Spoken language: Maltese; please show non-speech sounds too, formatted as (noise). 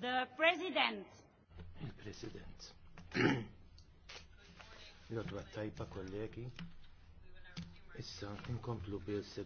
The President. Il-President. l (clears throat) tajpa kollegi. Issa, inkomplu bil